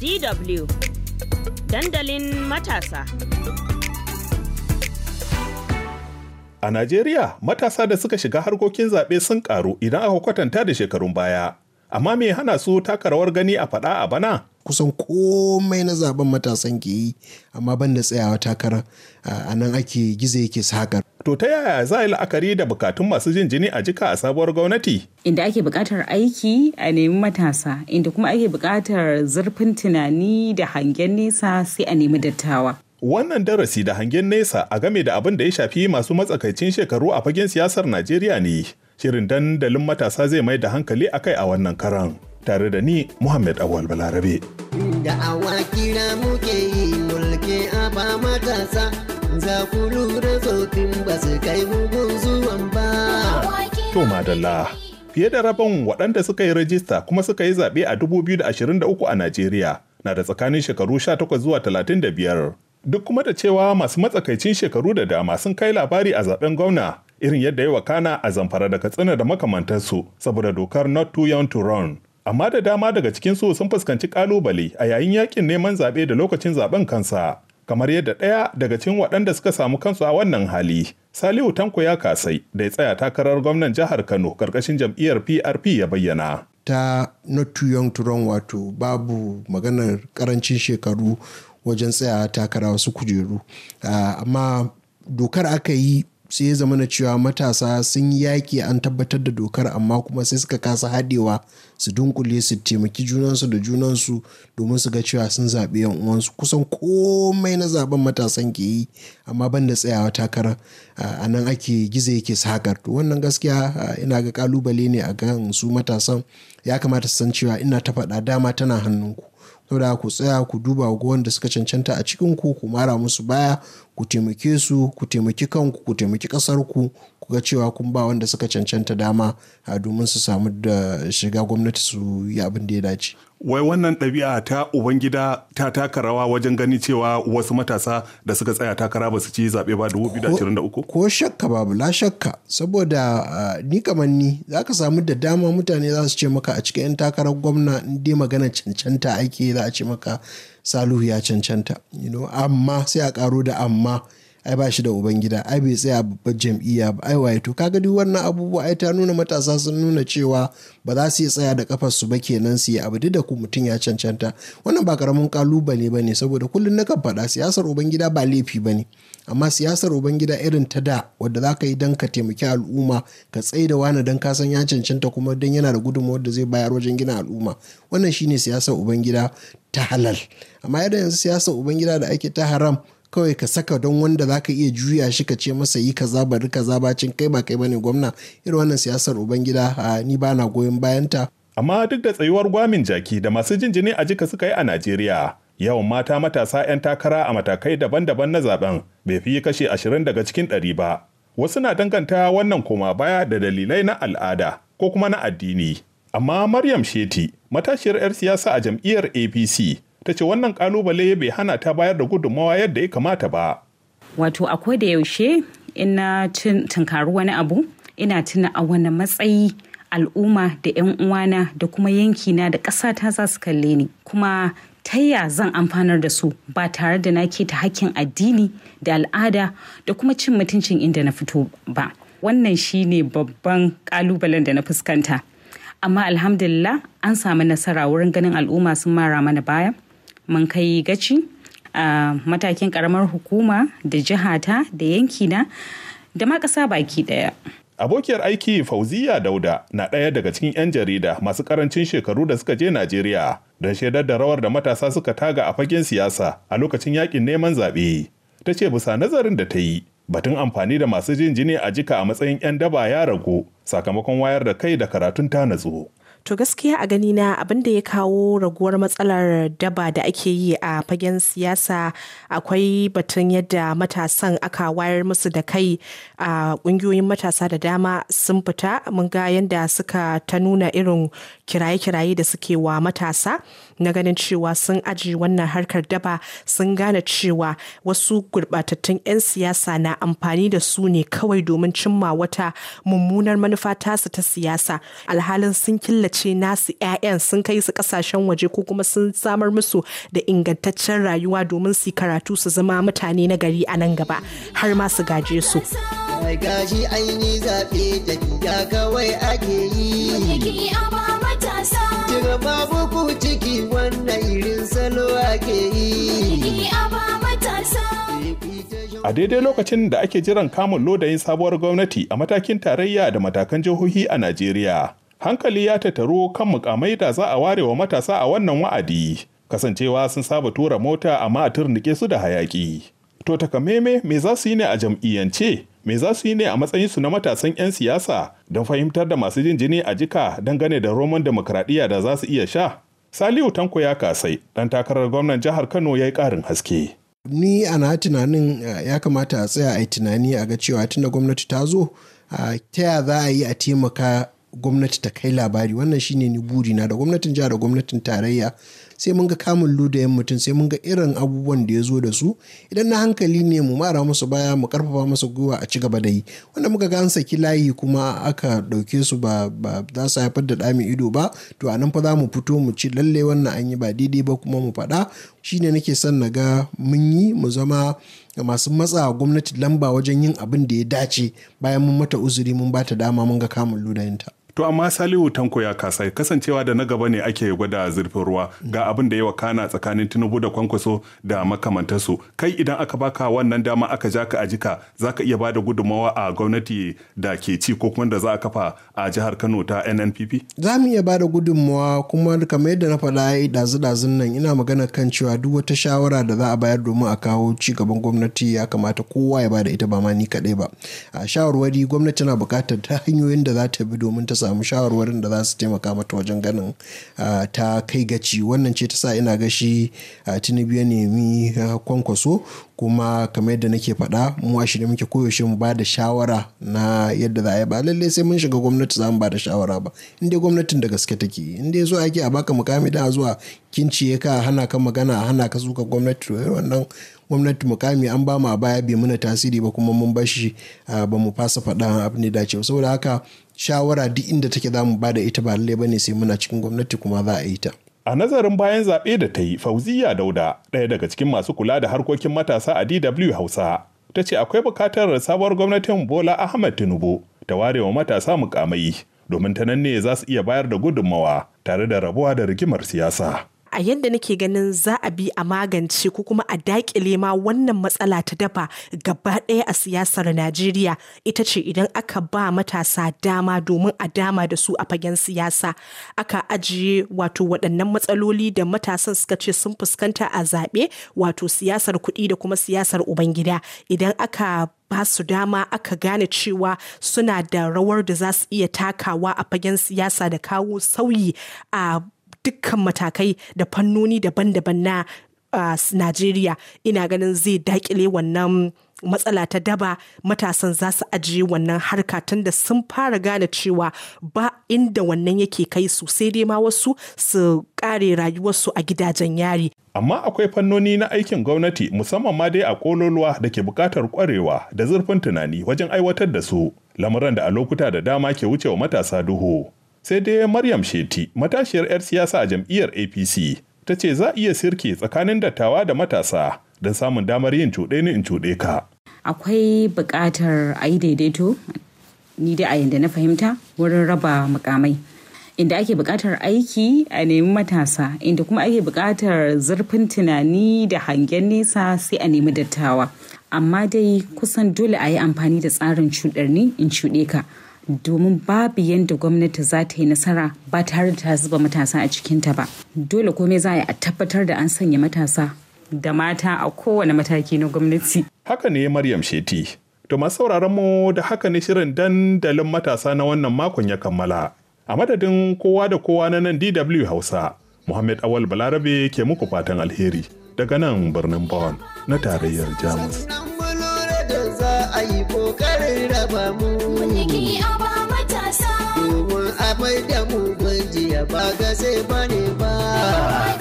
DW dandalin matasa. A Najeriya matasa da suka shiga harkokin zaɓe sun ƙaru idan aka kwatanta da shekarun baya, amma me hana su taka rawar gani a faɗa a bana? kusan komai na zaben matasan ke yi amma ban da tsayawa takara a nan ake gizo yake sakar. To ta yaya za a yi la'akari da bukatun masu jin jini a jika a sabuwar gwamnati? Inda ake bukatar aiki a nemi matasa, inda kuma ake bukatar zurfin tunani da hangen nesa sai a nemi dattawa. Wannan darasi da hangen nesa a game da abin da ya shafi masu matsakaicin shekaru a fagen siyasar Najeriya ne. Shirin dandalin matasa zai mai da hankali akai a wannan karan. tare da ni Muhammad Awal Balarabe. Da kira muke yi mulke a ba matasa, za ku lura zofin ba su kai mugun zuwan ba. To madalla. Fiye da rabon waɗanda suka yi rajista kuma suka yi zaɓe a 2023 a Najeriya na da tsakanin shekaru 18 zuwa 35. Duk kuma da cewa masu matsakaicin shekaru da dama sun kai labari a zaɓen gwamna irin yadda ya wakana a zamfara da katsina da makamantarsu saboda dokar not too young to run amma da dama daga cikinsu sun fuskanci kalubale a yayin yakin neman zaɓe da lokacin zaɓen kansa kamar yadda ɗaya daga cikin waɗanda suka samu kansu a wannan hali salihu tanko ya kasai da ya tsaya takarar gwamnan jihar kano karkashin jam'iyyar prp ya bayyana ta not too young to run wato babu maganar karancin shekaru wajen tsaya takara wasu kujeru ah, amma dokar aka yi sai ya zama cewa matasa sun yaƙi an tabbatar da dokar amma kuma sai suka kasa haɗewa su dunkule su taimaki junansu da junansu domin su ga cewa sun zaɓi yan uwansu kusan komai na zaben matasan ke yi amma ban da tsayawa takarar a nan ake gizo yake sakar to wannan gaskiya ina ga kalubale ne a kan su matasan ya kamata su san cewa ina ta faɗa dama tana hannunku saboda ku tsaya ku duba ga wanda suka cancanta a cikin ku ku mara musu baya ku taimake su ku taimaki kanku ku taimaki ƙasar ku ga cewa kun ba wanda suka cancanta dama a domin su samu da shiga gwamnati su yi abin da ya dace wai wannan ɗabi'a ta ubangida ta taka rawa wajen gani cewa wasu matasa da suka tsaya takara ba su ci zaɓe ba dubu biyu da da uku. ko shakka babu la shakka saboda ni kamar ni za ka samu da dama mutane za su ce maka a cikin 'yan takarar gwamna in dai magana cancanta ake za a ce maka saluhu ya cancanta amma sai a karo da amma ai ba shi da ubangida ai bai tsaya babbar jam'iyya ba ai waye to kaga duk wannan abubuwa ai ta nuna matasa sun nuna cewa ba za su yi tsaya da kafar su ba kenan su yi abu duk da ku mutum ya cancanta wannan ba karamin kalubale ba ne saboda kullun na kan faɗa siyasar ubangida ba laifi ba ne amma siyasar ubangida irin ta da wadda za ka yi dan ka taimaki al'umma ka tsaye da wani dan ka san ya cancanta kuma dan yana da gudunmawar da zai bayar wajen gina al'umma wannan shine siyasar ubangida ta halal amma yadda yanzu siyasar ubangida da ake ta haram kawai ka saka don wanda za ka iya juya shi ka ce masa yi kaza bari kaza bacin kai ba kai bane gwamna irin wannan siyasar ubangida ni ba na goyon bayanta amma duk da tsayuwar gwamin jaki da masu jinjini a jika suka yi a najeriya yawan mata matasa 'yan takara a matakai daban-daban na zaben bai fi yi kashe ashirin daga cikin ɗari ba wasu na danganta wannan koma baya da dalilai na al'ada ko kuma na addini amma maryam sheti matashiyar 'yar siyasa a jam'iyyar apc ta ce wannan kalubale bai hana ta bayar da gudunmawa yadda ya kamata ba wato akwai da yaushe ina tunkari wani abu ina tuna a wani matsayi al'umma da 'yan uwana da kuma yankina da ƙasa ta za su kalle ni kuma ta zan amfanar da su ba tare da na ta hakkin addini da al'ada da kuma cin mutuncin inda na fito ba wannan shi ne babban kalubalen da na fuskanta amma alhamdulillah an samu nasara wurin ganin al'umma sun mara mana baya mun kai gaci a matakin karamar hukuma da jihata da yankina da ma kasa baki ɗaya. Abokiyar aiki Fauziya Dauda na ɗaya daga cikin 'yan jarida masu ƙarancin shekaru da suka je Najeriya don shaidar da rawar da matasa suka taga a fagen siyasa a lokacin yakin neman zaɓe. Ta ce bisa nazarin da ta yi, batun amfani da masu jin jini a jika a matsayin 'yan daba ya ragu sakamakon wayar da kai da karatun ta natsu. To gaskiya a ganina abin da ya kawo raguwar matsalar daba da ake yi a fagen siyasa akwai batun yadda matasan aka wayar musu da kai a kungiyoyin matasa da dama sun fita mun ga yadda suka ta nuna irin kiraye-kiraye da suke wa matasa na ganin cewa sun aji wannan harkar daba sun gane cewa wasu gurbatattun 'yan siyasa na amfani da su ne kawai domin cimma wata mummunar manufa tasu ta siyasa alhalin sun killa. ce nasu 'ya'yan sun kai su kasashen waje ko kuma sun samar musu da ingantaccen rayuwa domin su karatu su zama mutane na gari a nan gaba har ma su gaje su. gashi aini zaɓe da ya kawai ake yi. Jira babu ku ciki wannan irin salo ake yi. A daidai lokacin da ake jiran kamun lodayin sabuwar gwamnati a matakin tarayya da matakan jihohi a Najeriya, hankali ya tattaro kan mukamai da za a ware wa matasa a wannan wa'adi kasancewa sun saba tura mota amma a turnike su da hayaki to takameme me za su yi ne a jam'iyyance me za su yi ne a matsayin su na matasan 'yan siyasa don fahimtar da masu jin jini a jika dangane da roman demokradiyya da za su iya sha saliu tanko ya kasai dan takarar gwamnan jihar kano ya yi karin haske ni ana tunanin eh, ya kamata a tsaya a yi tunani a ga cewa tunda gwamnati ta zo eh, ta ya za a yi a taimaka gwamnati ta kai labari wannan shine ni na da gwamnatin jihar da gwamnatin tarayya sai mun ga kamun ludayen mutum sai mun ga irin abubuwan da ya zo da su idan na hankali ne mu mara musu baya mu karfafa musu gwiwa a ci gaba da yi wanda muka ga an saki layi kuma aka ɗauke su ba za su haifar da ɗami ido ba to a nan fa za mu fito mu ci lalle wannan an yi ba daidai ba kuma mu faɗa shine nake son na ga mun yi mu zama masu matsa gwamnati lamba wajen yin abin da ya dace bayan mun mata uzuri mun bata dama mun ga kamun ludayinta. To amma Salihu Tanko ya kasa kasancewa da na gaba ne ake gwada zurfin ruwa ga abin da ya kana tsakanin Tinubu da Kwankwaso da makamantansu. Kai idan aka baka wannan dama aka ja ka a jika za iya ba da gudummawa a gwamnati da ke ci ko kuma da za a kafa a jihar Kano ta NNPP? Za mu iya ba da gudummawa kuma kamar yadda na faɗa dazu-dazun nan ina magana kan cewa duk wata shawara da za a bayar domin a kawo ci gaban gwamnati ya kamata kowa ya bada ita ba ma ni kaɗai ba. A shawarwari gwamnati na buƙatar ta hanyoyin da za ta bi domin ta samu samu shawarwarin da za su taimaka mata wajen ganin ta kai gaci wannan ce ta sa ina gashi tinubu ya nemi kwankwaso kuma kamar yadda nake faɗa mu a shirye muke koyaushe mu ba da shawara na yadda za a yi ba lalle sai mun shiga gwamnati za mu ba da shawara ba inda dai gwamnatin da gaske take in dai zo ake a baka mukami da zuwa kinciye ka hana kan magana a hana ka suka gwamnati wannan gwamnati mukami an ba mu a baya bai muna tasiri ba kuma mun bashi ba mu fasa faɗa abin da dace saboda haka shawara duk inda take za mu ba da ita ba lalle ne sai muna cikin gwamnati kuma za a yi ta. A nazarin bayan zaɓe da ta yi Fauziya Dauda, ɗaya daga cikin masu kula da harkokin matasa a DW Hausa, ta ce akwai buƙatar sabuwar gwamnatin Bola Ahmed Tinubu ta ware wa matasa mukamai domin ta nan ne za su iya bayar da gudunmawa tare da rabuwa da rigimar siyasa. a yadda nake ganin za a bi a magance ko kuma a dakile ma wannan matsala ta dafa gaba ɗaya a siyasar Najeriya ita ce idan aka ba matasa dama domin a dama da su a fagen siyasa aka ajiye wato waɗannan matsaloli da matasan suka ce sun fuskanta a zaɓe wato siyasar kuɗi da kuma siyasar ubangida idan aka ba su dama aka gane cewa suna da rawar da za su iya takawa a fagen siyasa da kawo sauyi a dukkan matakai da fannoni daban-daban na ah, Najeriya ina ganin zai dakile wannan matsala ta daba matasan za su ajiye wannan harka tun da sun fara gane cewa ba inda wannan yake kai su sai dai ma wasu su kare rayuwarsu a gidajen yari. Amma akwai fannoni na aikin gwamnati musamman ma dai a kololuwa da ke bukatar kwarewa da zurfin tunani wajen aiwatar da su lamuran da a lokuta da dama ke wucewa matasa duhu. Sai dai Maryam Sheti, matashiyar 'yar siyasa a jam'iyyar APC, ta ce za a iya sirke tsakanin dattawa da matasa don samun damar yin cuɗe ni in cuɗe ka. Akwai buƙatar a yi daidaito, ni dai a yadda na fahimta wurin raba mukamai. inda ake buƙatar aiki a nemi matasa inda kuma ake buƙatar zurfin tunani da hangen nesa sai a nemi dattawa amma dai kusan dole a yi amfani da tsarin ni in cuɗe ka domin babu yadda gwamnati za ta yi nasara ba tare da ta zuba matasa a cikinta ba dole komai za a tabbatar da an sanya matasa da mata a kowane mataki na gwamnati haka ne maryam sheti to masu sauraron mu da haka ne shirin dandalin matasa na wannan makon ya kammala a madadin kowa da kowa na nan dw hausa muhammad awal balarabe ke muku fatan alheri daga nan birnin bawan na tarayyar Jamus. a yi ƙoƙarin raba mu. Mulki a ba matasa. Domin a da mu gwanji jiya ba ga sai bane ba.